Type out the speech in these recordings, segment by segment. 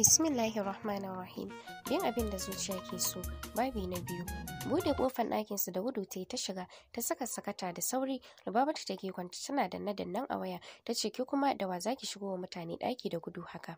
bismillahi Rahmanir Rahim. Yin abin da zuciya ke so, babi na biyu. Bude kofar ɗakin su da ta tayi ta shiga, ta saka sakata da sauri, Lubabatu take kwanta tana danna dannan a waya, ta ce ke kuma da wa zaki shigo wa mutane ɗaki da gudu haka.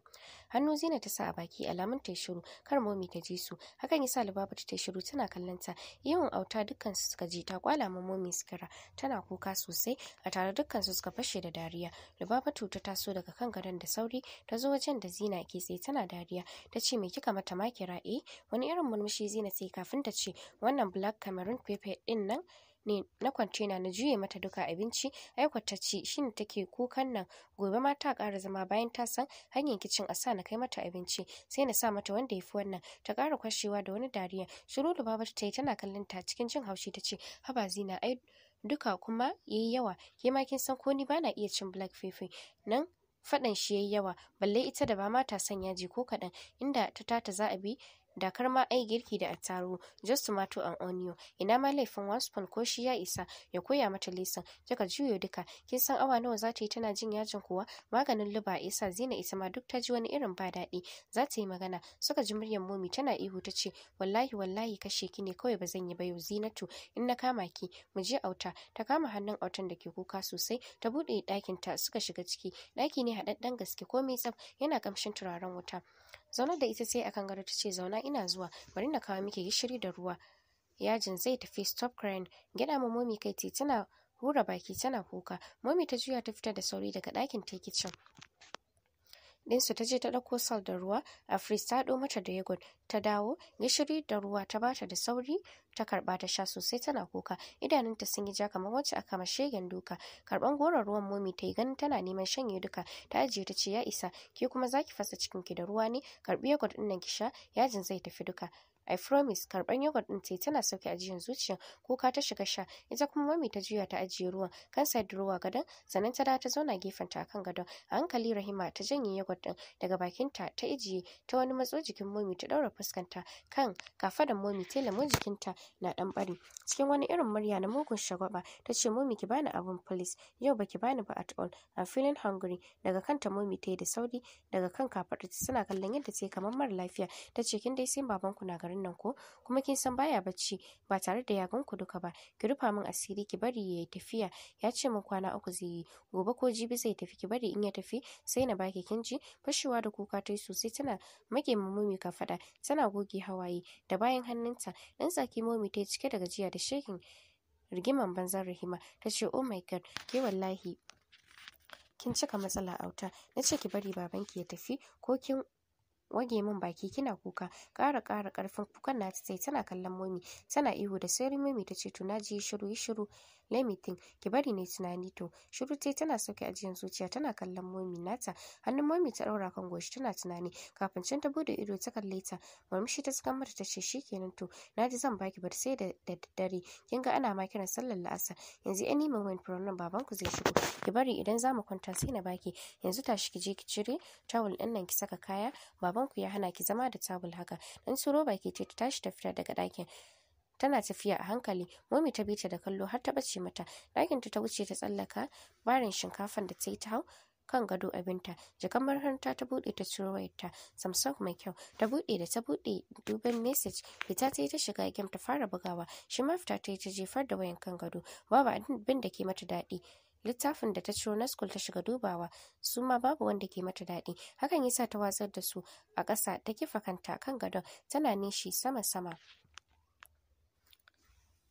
Hannu Zina ta sa a baki alamun ta shiru, kar momi ta ji su. Hakan yasa Lubabatu ta shiru tana kallon ta. Yawan auta dukkan su suka ji ta kwala ma momi sikira, tana kuka sosai, a tare dukkan su suka fashe da dariya. Lubabatu ta taso daga kan gadon da sauri, ta zo wajen da Zina ke tsaye tana da. dariya ta ce me kika mata makira eh wani irin murmushi zina sai kafin ta ce wannan black cameroon pepper din nan ne na kwantena na juye mata duka abinci aikwata shi shine take kukan nan gobe mata ta kara zama bayan ta san hanyar kicin a sa na kai mata abinci sai na sa mata wanda ya fi wannan ta kara kwashewa da wani dariya shirulu babar ta yi tana kallon ta cikin jin haushi ta ce haba zina ai duka kuma yayi yawa ke ma kin san ko ni bana iya cin black pepper nan faɗan shi yayi yawa balle ita da ba ma ta son yaji ko kaɗan inda ta tata za a bi dakar ma ai girki da attarugu just tomato and onion ina ma laifin one spoon ko shi ya isa ya koya mata lesson kika juyo duka kin san awa nawa za ta yi tana jin yajin kuwa maganin luba isa zina ita ma duk ta ji wani irin ba daɗi za ta yi magana suka ji muryar momi tana ihu ta ce wallahi wallahi kashe ki ne kawai ba zan yi ba yau zinatu in na kama ki mu je auta ta kama hannun autan da ke kuka sosai ta buɗe ɗakin ta suka shiga ciki ɗaki ne haɗaɗɗen gaske komai tsaf yana kamshin turaren wuta zaunar da ita sai akan gado ta ce zauna ina zuwa bari na kawo miki gishiri da ruwa yajin zai tafi stop crying gida ma momi kai tana hura baki tana kuka momi ta juya ta fita da sauri daga ɗakin ta kicin ɗinsu ta je ta ɗauko sal da ruwa a fris ta mata da yagon ta dawo gishiri da ruwa ta bata da sauri ta karɓa ta sha sosai tana kuka idanunta sun yi ja kamar wacce aka mashe shegen duka karɓan goron ruwan momi ta yi ganin tana neman shanye duka ta ajiye ta ce ya isa ke kuma zaki fasa cikin ki da ruwa ne karɓi yagon ɗin nan ki sha yajin zai tafi duka I promise karban yogurt din tai tana sauke ajiyan zuciya kuka ta shiga sha ita kuma mami ta juya ta ajiye ruwan kan da ruwa gadon sannan ta da ta zauna gefen ta kan gadon a hankali Rahima ta janye yogurt din daga bakin ta ta ijiye ta wani matso jikin mami ta daura fuskanta kan kafa da mami ta lemon jikinta na dan bari cikin wani irin murya na mugun shagwaba ta ce mami ki bani abun police yau baki bani ba at all I'm feeling hungry daga kanta mami ta yi da sauri daga kan kafaɗa suna kallon yadda ta kamar mara lafiya ta ce kin dai sai babanku na gari samarin nan ko kuma kin san baya bacci ba tare da yagan ku duka ba ki rufa min asiri ki bari yayi tafiya ya ce min kwana uku zai yi gobe ko jibi zai tafi ki bari in ya tafi sai na baki ji fashewa da kuka ta yi sosai tana mage mummi ka fada tana goge hawaye da bayan hannunta dan saki mummi ta cike da gajiya da shekin rigiman banzan rahima ta ce oh my god ke wallahi kin cika matsala auta na ce ki bari babanki ya tafi ko kin wage min baki kina kuka ƙara ƙara ƙarfin kukan na ta tana kallon momi tana ihu da sauri momi ta ce to na ji shiru yi shiru lemitin ki bari ne tunani to shiru tai tana sauke ajiyan zuciya tana kallon momi nata hannun momi ta ɗaura kan goshi tana tunani kafin can ta bude ido ta kalle ta murmushi ta saka mata ta ce shikenan to na ji zan baki bar sai da daddare kin ga ana ma kiran sallar la'asa yanzu any moment problem babanku baban ku zai shigo ki bari idan zamu kwanta sai na baki yanzu tashi ki je ki cire tawul ɗin nan ki saka kaya baban babanku ya hana ki zama da tabul haka dan roba ke ce ta tashi ta fita daga dakin tana tafiya a hankali momi ta bi ta da kallo har ta bace mata ɗakinta ta wuce ta tsallaka barin shinkafan da ta yi ta hau kan gado abinta jakan makaranta ta bude ta ciro wayarta samsung mai kyau ta bude da ta bude duban message fita ta yi ta shiga game ta fara bugawa shi ma fita ta yi ta jefar da wayan kan gado babu abin da ke mata daɗi littafin da ta ciro na ta shiga dubawa su ma babu wanda ke mata daɗi hakan yasa ta watsar da su a ƙasa ta kifa kanta kan gadon tana nishi sama-sama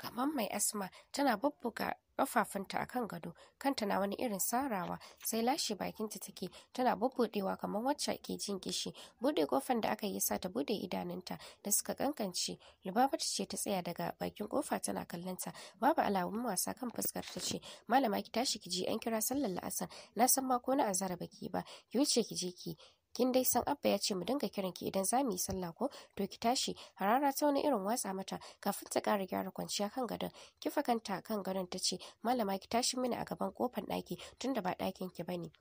kamar mai asma tana bubbuga kafafunta a kan gado kanta na wani irin sarawa sai lashe bakinta take tana bubbudewa kamar wacce ke jin kishi bude kofar da aka yi sa ta bude idanunta da suka kankance lubabatu ce ta tsaya daga bakin kofa tana kallonta babu alamun wasa kan fuskar ta ce malama ki tashi ki je an kira sallar la'asar na san ma ko na azara baki ba ki wuce ki je ki kin dai san abba ya ce mu dinga kiran ki idan zamu yi sallah ko to ki tashi harara ta wani irin watsa mata kafin ta ƙara gyara kwanciya kan gadon kifa kanta kan gadon ta ce malama ki tashi mini a gaban kofar ɗaki tunda ba ɗakin ki bane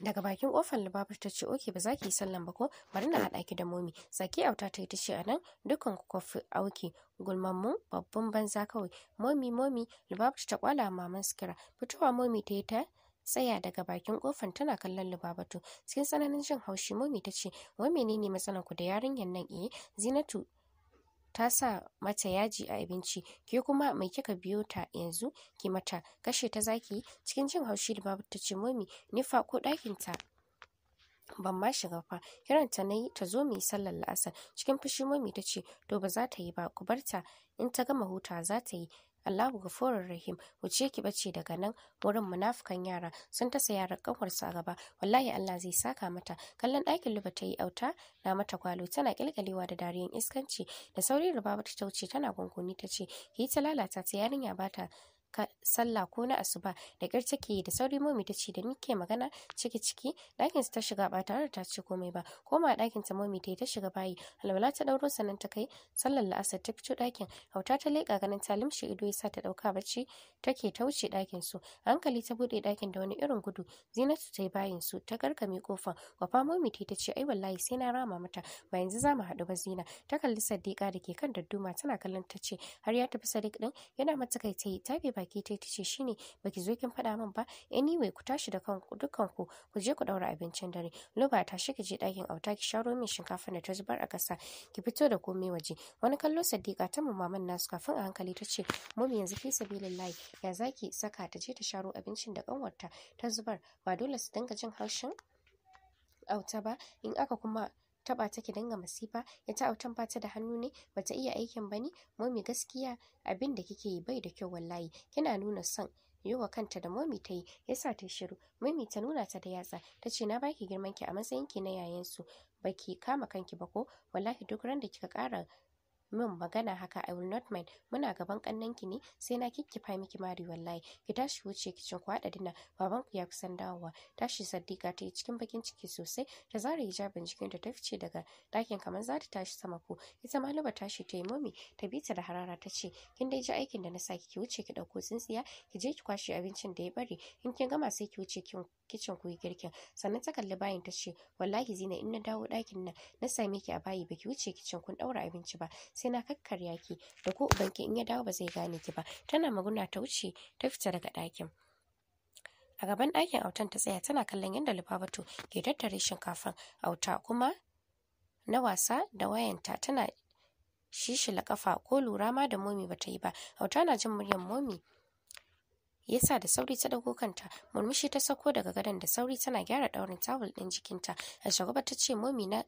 daga bakin kofar libabu ta ce oke ba za ki yi sallan ba ko bari na haɗa ki da momi saki auta ta yi ta ce a nan dukkan ku kofi auki gulmammu babban banza kawai momi momi libabu ta kwala maman sikira fitowa momi ta yi ta tsaya daga bakin kofan tana kallon Lubabatu cikin tsananin jin haushi momi tace ce wai menene matsalar ku da yarinyar nan eh Zinatu ta sa mata yaji a abinci ke kuma mai kika biyo ta yanzu ki mata kashe ta zaki cikin jin haushi Lubabatu ta ce momi ni fa ko dakin ta ban ma shiga fa kiranta nayi ta zo mu sallar la'asar cikin fushi momi tace to ba za ta yi ba ku barta in ta gama huta za ta yi Allahu ghafurur rahim wuce ki bace daga nan wurin munafukan yara sun tasa yara kanwarsa a gaba wallahi Allah zai saka mata kallon ɗakin luba ta yi auta na mata kwalo tana kilkalewa da dariyan iskanci da sauri rubaba ta wuce tana gunguni ta ce ki ta lalata ta yarinya bata sallah ko na asuba da ƙyar take da sauri momi ta ce da ni ke magana ciki ciki ɗakin ta shiga ba tare da ta ce komai ba koma ɗakin ta momi ta yi ta shiga bayi alwala ta ɗauro sannan ta kai sallar la'asar ta fito ɗakin hauta ta leƙa ganin ta limshe ido ya sa ta ɗauka bacci take ta wuce ɗakin su hankali ta buɗe ɗakin da wani irin gudu zinatu ta yi bayin su ta garkame kofan wafa momi ta ce ai wallahi sai na rama mata ba yanzu za mu haɗu ba zina ta kalli sadiqa da ke kan dadduma tana kallon ta ce har ya tafi sadiq ɗin yana kai ta bai baki ta tace shine baki zo kin faɗa min ba eh, anyway ku tashi da kanku dukkan ku ku je ku daura abincin dare loba ta shiga je ɗakin auta ki sharo min shinkafa da ta zubar a kasa ki fito da komai waje wani kallo sadiqa ta mu maman nasu kafin a hankali ta ce mami yanzu fi sabilillahi ya zaki saka ta je ta sharo abincin da kanwarta ta zubar ba dole su dinga jin haushin auta ba in aka kuma taba ta ki dinga masifa ya ta autan fata da hannu ne bata iya aikin ba ne momi gaskiya abin da kike yi bai da kyau wallahi kina nuna son yowa kanta da momi ta yi yasa ta shiru momi ta nuna ta da yatsa ta ce na baki girman ki a matsayin ki na yayan su baki kama kanki ba ko wallahi duk ran da kika kara. min magana haka I will not mind muna gaban kannan ki ne sai na kikkifa miki mari wallahi ki tashi wuce kicin ku hada dinna baban ku ya kusan dawowa tashi Saddiqa ta yi cikin bakin ciki sosai ta zare hijabin jikinta ta fice daga dakin kamar za ta tashi sama ko ita ma Luba tashi ta yi mami ta bi ta da harara ta ce kin dai ji aikin da na saki ki wuce ki ɗauko tsintsiya ki je ki kwashe abincin da ya bari in kin gama sai ki wuce kin kicin ku yi girkin sannan ta kalli bayin ta ce wallahi zina in na dawo ɗakin nan na same ki a bayi baki wuce kicin kun ɗaura abinci ba sai na kakkarya ki da ko ubanki in ya dawo ba zai gane ki ba tana muguna ta wuce ta fita daga ɗakin a gaban ɗakin autan ta tsaya tana kallon yadda lubabatu ke tattare shinkafan auta kuma na wasa da wayanta tana shishila kafa ko lura ma da momi bata yi ba auta na jin muryar momi yasa da sauri ta dago kanta murmushi ta sako daga gadon da sauri tana gyara daurin tawul din jikinta a shagaba ta ce momi na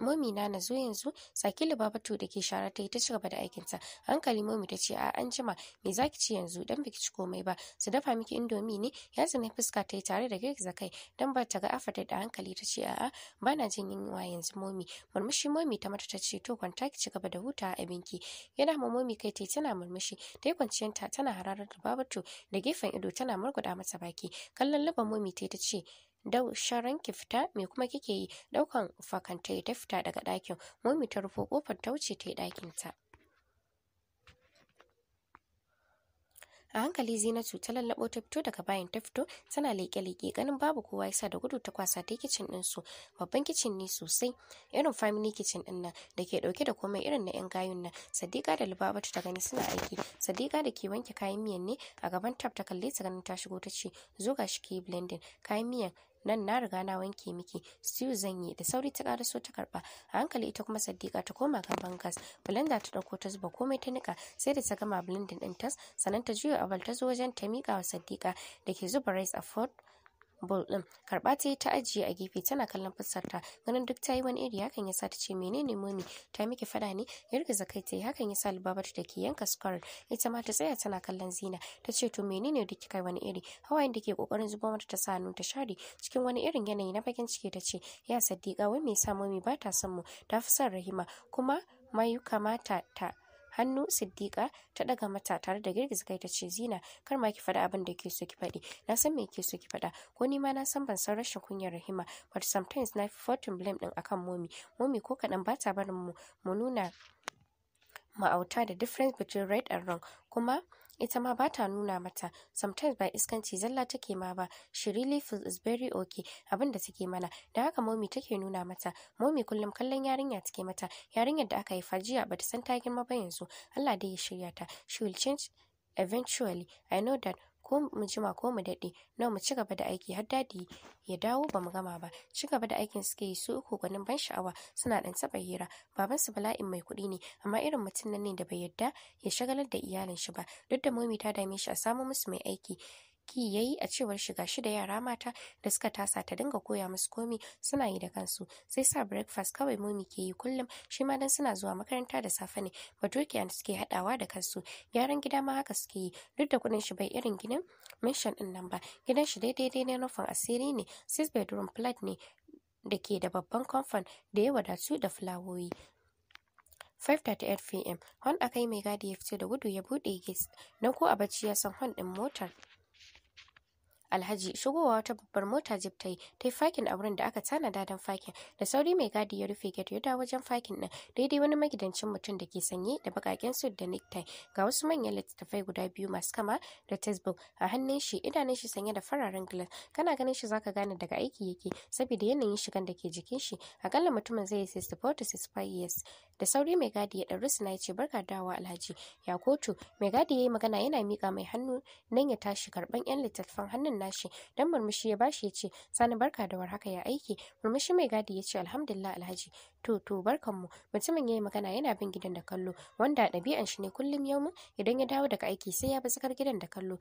momi na na zo yanzu sakila babatu da ke shara ta yi ta cigaba da aikinta hankali momi ta ce a an jima me ki ci yanzu dan biki ci komai ba su dafa miki indomi ne ya zane fuska ta yi tare da girgiza kai dan ba ta ga afa da hankali ta ce a'a ba na jin yunwa yanzu momi murmushi momi ta mata ta ce to kwanta ki cigaba da huta abinki yana ma momi kai ta tana murmushi ta yi kwanciyanta tana hararar da babatu da gefen ido tana murguda mata baki kallon laban momi ta ce dau sharan ki fita me kuma kike yi daukan fakanta ta fita daga ɗakin mu ta rufo kofar ta wuce ta yi ɗakin ta a hankali zinatu ta lallabo ta fito daga bayan ta fito tana leƙe-leƙe ganin babu kowa yasa da gudu ta kwasa ta kicin din su babban kicin ne sosai irin family kicin din nan da ke dauke da komai irin na yan gayun nan sadiqa da lubabatu ta gani suna aiki sadiqa da ke wanke kayan miyan ne a gaban tab ta kalle ta ganin ta shigo ta ce zo ga shi ki blending kayan miyan nan na riga na wanke miki stew zan yi da sauri ta karaso ta karba a hankali ita kuma saddiqa ta koma gaban gas blender ta dauko ta zuba komai ta nika sai da ta gama blending din tas sannan ta juyo abal ta zo wajen ta mika wa saddiqa da ke zuba rice a fort bol din karba ta yi ta ajiye a gefe tana kallon ta ganin duk ta yi wani iri hakan sa ta ce menene momi ta miki fada ne ya zakai kai ta yi hakan ya sa libabatu ta ke yanka sukar ita ma ta tsaya tana kallon zina ta ce to menene duk kai wani iri hawayen da ke kokarin zubo mata ta sa hannu ta share cikin wani irin yanayi na bakin ciki ta ce ya saddiqa wai me sa momi ba ta son mu ta fi son rahima kuma mayu kamata ta hannu siddiƙa ta daga mata tare da girgiza kai ta ce zina kar ma ki faɗa abin da ke so ki faɗi na san me ke so ki faɗa ko ni ma na san ban san rashin kunyar rahima but sometimes na fi fortune blame din akan momi momi ko kaɗan ba ta barin mu mu nuna ma'auta da difference between right and wrong kuma ita ma bata nuna mata sometimes ba iskanci zalla take ma ba she really feels is very okay abin da take mana da haka momi take nuna mata momi kullum kallon yarinya take mata yarinyar da aka haifa jiya bata san ta girma ba yanzu Allah dai ya shirya ta she will change eventually i know that ko mu jima ko mu daɗe na mu ci gaba da aiki har dadi ya dawo ba mu gama ba ci gaba da aikin suke yi su uku gwanin ban sha'awa suna ɗan taɓa hira baban su bala'in mai kuɗi ne amma irin mutum nan ne da bai yadda ya shagalar da iyalin shi ba duk da momi ta dame shi a samo musu mai aiki ki yayi a cewar shiga shi da yara mata da suka tasa ta dinga koya musu komi suna yi da kansu sai sa breakfast kawai momi ke yi kullum shi ma dan suna zuwa makaranta da safe ne batukiya suke hadawa da kansu gyaran gida ma haka suke yi duk da kudin shi bai irin ginin mission din nan ba gidan shi dai-dai ne nufin asiri ne six bedroom flat ne da ke da babban comfort da ya wadatu da fulawoyi 5:38 pm hon akai mai gadi ya fice da gudu ya bude gate don ko a bacci ya san hon din motar alhaji shigowa wata babbar mota jib ta yi ta yi fakin a wurin da aka tanada don fakin da sauri mai gadi ya rufe gate ya dawo wajen fakin din daidai wani magidancin mutum da ke sanye da bakaken suit da necktie ga wasu manyan littattafai guda biyu masu kama da textbook a hannun shi idanun shi sanye da fararen glass kana ganin shi zaka gane daga aiki yake saboda yanayin shigan da ke jikin shi a akalla mutumin zai yi 64 to years da sauri mai gadi ya dauri suna ya ce barka dawa alhaji ya kotu mai gadi ya yi magana yana miƙa mai hannu nan ya tashi karban 'yan littattafan hannun nashi dan murmushi ya bashi ya ce sani barka da haka ya aiki murmushi mai gadi ya ce alhamdulillah alhaji to to barkanmu mutumin ya yi magana yana bin gidan da kallo wanda ɗabi'an shi ne kullum yau idan ya dawo daga aiki sai ya bi tsakar gidan da kallo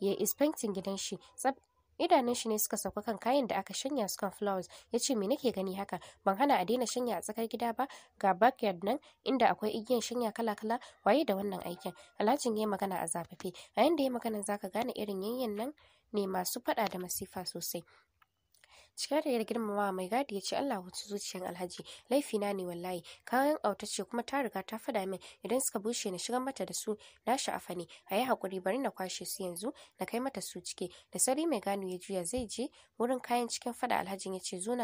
ya inspecting gidan shi tsab idanun shi ne suka sauka kan kayan da aka shanya su kan flowers ya ce me nake gani haka ban hana a daina shanya a tsakar gida ba ga backyard nan inda akwai igiyan shanya kala kala waye da wannan aikin alhajin ya magana a zafafe a yanda ya magana zaka gane irin yanyan nan ne masu faɗa da masifa sosai cike da yar girmama mai gadi ya ce Allah huci zuciyar alhaji laifi na ne wallahi kayan auta ce kuma ta riga ta fada min idan suka bushe na shiga mata da su na sha'afa ne a yi hakuri bari na kwashe su yanzu na kai mata su cike da sari mai gano ya juya zai je wurin kayan cikin fada alhajin ya ce zo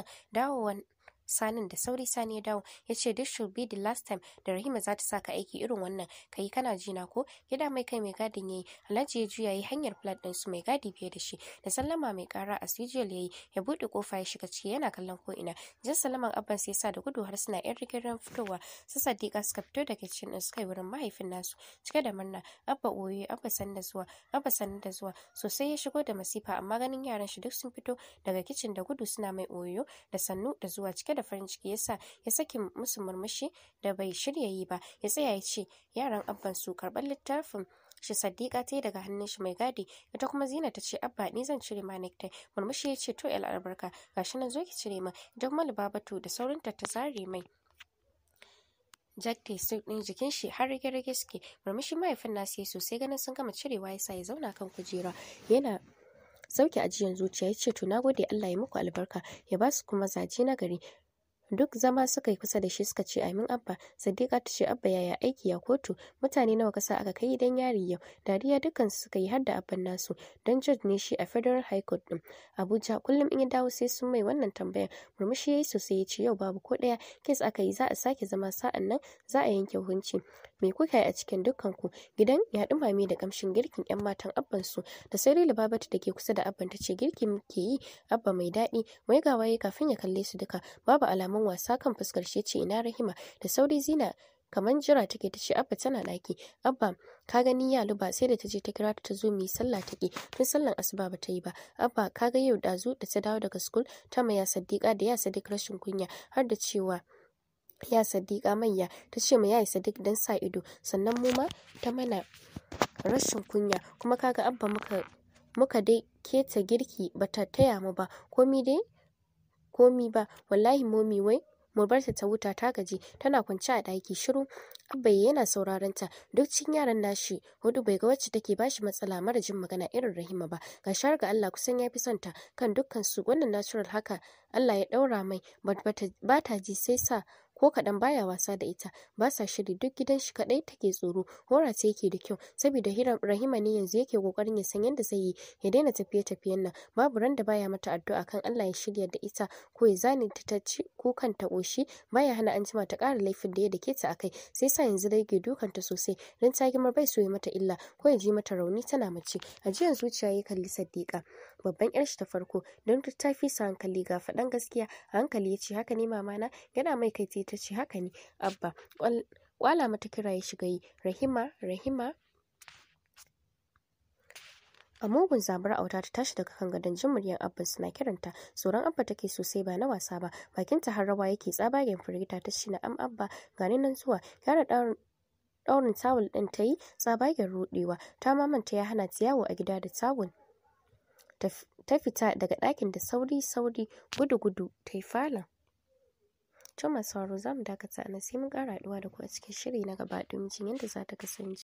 sanin da sauri sani ya dawo ya ce this should be the last time da rahima za ta sa ka aiki irin wannan ka yi kana jina ko gida mai kai mai gadin yayi alhaji ya juya yi hanyar flat din su mai gadi biye da shi da sallama mai kara a ya yayi ya bude kofa ya shiga ciki yana kallon ko ina jin salaman abban sai sa da gudu har suna yan rigirin fitowa su sadiqa suka fito da kitchen din suka yi wurin mahaifin nasu cike da murna abba oyi abba da zuwa abba da zuwa sosai ya shigo da masifa amma ganin yaran shi duk sun fito daga kicin da gudu suna mai oyo da sannu da zuwa cike da farin ciki yasa ya saki musu murmushi da bai shirya yi ba ya tsaya ya ce yaran abban su karɓar littafin shi sadiqa ta yi daga hannun shi mai gadi ita kuma zina ta ce abba ni zan cire ma nektai murmushi ya ce to yal albarka gashi nan zo ki cire ma don malibabatu da saurinta ta zare mai Jack su ɗin jikin shi har rage-rage suke murmushi mahaifin nasu yayi sosai ganin sun gama cirewa yasa ya zauna kan kujera yana sauke ajiyan zuciya ya ce to na gode Allah ya muku albarka ya ba su kuma zaji na gari duk zama suka yi kusa da shi suka ce amin abba sadiqa ta ce abba yaya aiki ya kotu mutane nawa kasa aka kai idan yari yau dariya dukkan suka yi har da abban nasu don judge ne shi a federal high court din abuja kullum in ya dawo sai sun mai wannan tambayar murmushi yayi sosai ya ce yau babu ko daya kes aka yi za a sake zama sa'an nan za a yanke hukunci me kuka yi a cikin dukkan ku gidan ya dumame da kamshin girkin yan matan abban su da sai lila babatu da ke kusa da abban ta ce girki muke yi abba mai daɗi wai ga waye kafin ya kalle su duka babu alamu alamun wasa kan fuskar shi ce ina rahima da sauri zina kamar jira take ta ce abba tana daki abba ka gani ya luba sai da ta je ta kira ta zo mu yi sallah take tun sallan asuba ba ta yi ba abba ka ga yau dazu da ta dawo daga school ta ya saddiqa da ya sadiq rashin kunya har da cewa ya saddiqa manya ta ce ma yayi sadiq dan sa ido sannan mu ma ta mana rashin kunya kuma kaga abba muka muka dai keta girki bata taya mu ba komi dai komi ba wallahi momi wai mu ta wuta ta gaji tana kwance a ɗaki shiru abba yana sauraron ta duk cikin yaran nashi hudu bai ga wacce take bashi matsala mara jin magana irin rahima ba ga shar ga Allah kusan yafi son ta kan dukkan su wannan natural haka Allah ya daura mai ba ta ji sai sa ko kaɗan baya wasa da ita ba sa shiri duk gidan shi kaɗai take tsoro hora ta yake da kyau saboda rahima ne yanzu yake kokarin ya san yadda zai yi ya daina tafiye tafiyen nan babu ran da baya mata addu'a kan Allah ya shirya da ita ko ya zane ta ta ci ko kan ta ƙoshi baya hana an jima ta ƙara laifin da ya dake ta akai sai sa yanzu da yake dukanta sosai don ta gima bai so ya mata illa ko ya ji mata rauni tana mace ajiyar zuciya ya kalli Sadiqa babban yar shi ta farko don ta fi sa hankali ga faɗan gaskiya hankali ya ce haka ne mama na yana mai kai ta ce haka ne abba kwala mata kira ya shiga yi rahima rahima a mugun zabar auta ta tashi daga kan gadon jin muryar abban suna kiranta tsoron abba take sosai ba na wasa ba bakinta har rawa yake tsabagen firgita ta shi na am abba gani nan zuwa gyara daurin tawul din ta yi tsabagen rudewa ta mamanta ya hana ta a gida da tawul ta fita daga ɗakin da sauri sauri gudu gudu ta yi falon To masu zamu za dakata a nan sai mun kara haɗuwa da ku a cikin shiri na gaba domin jin yadda za ta kasance.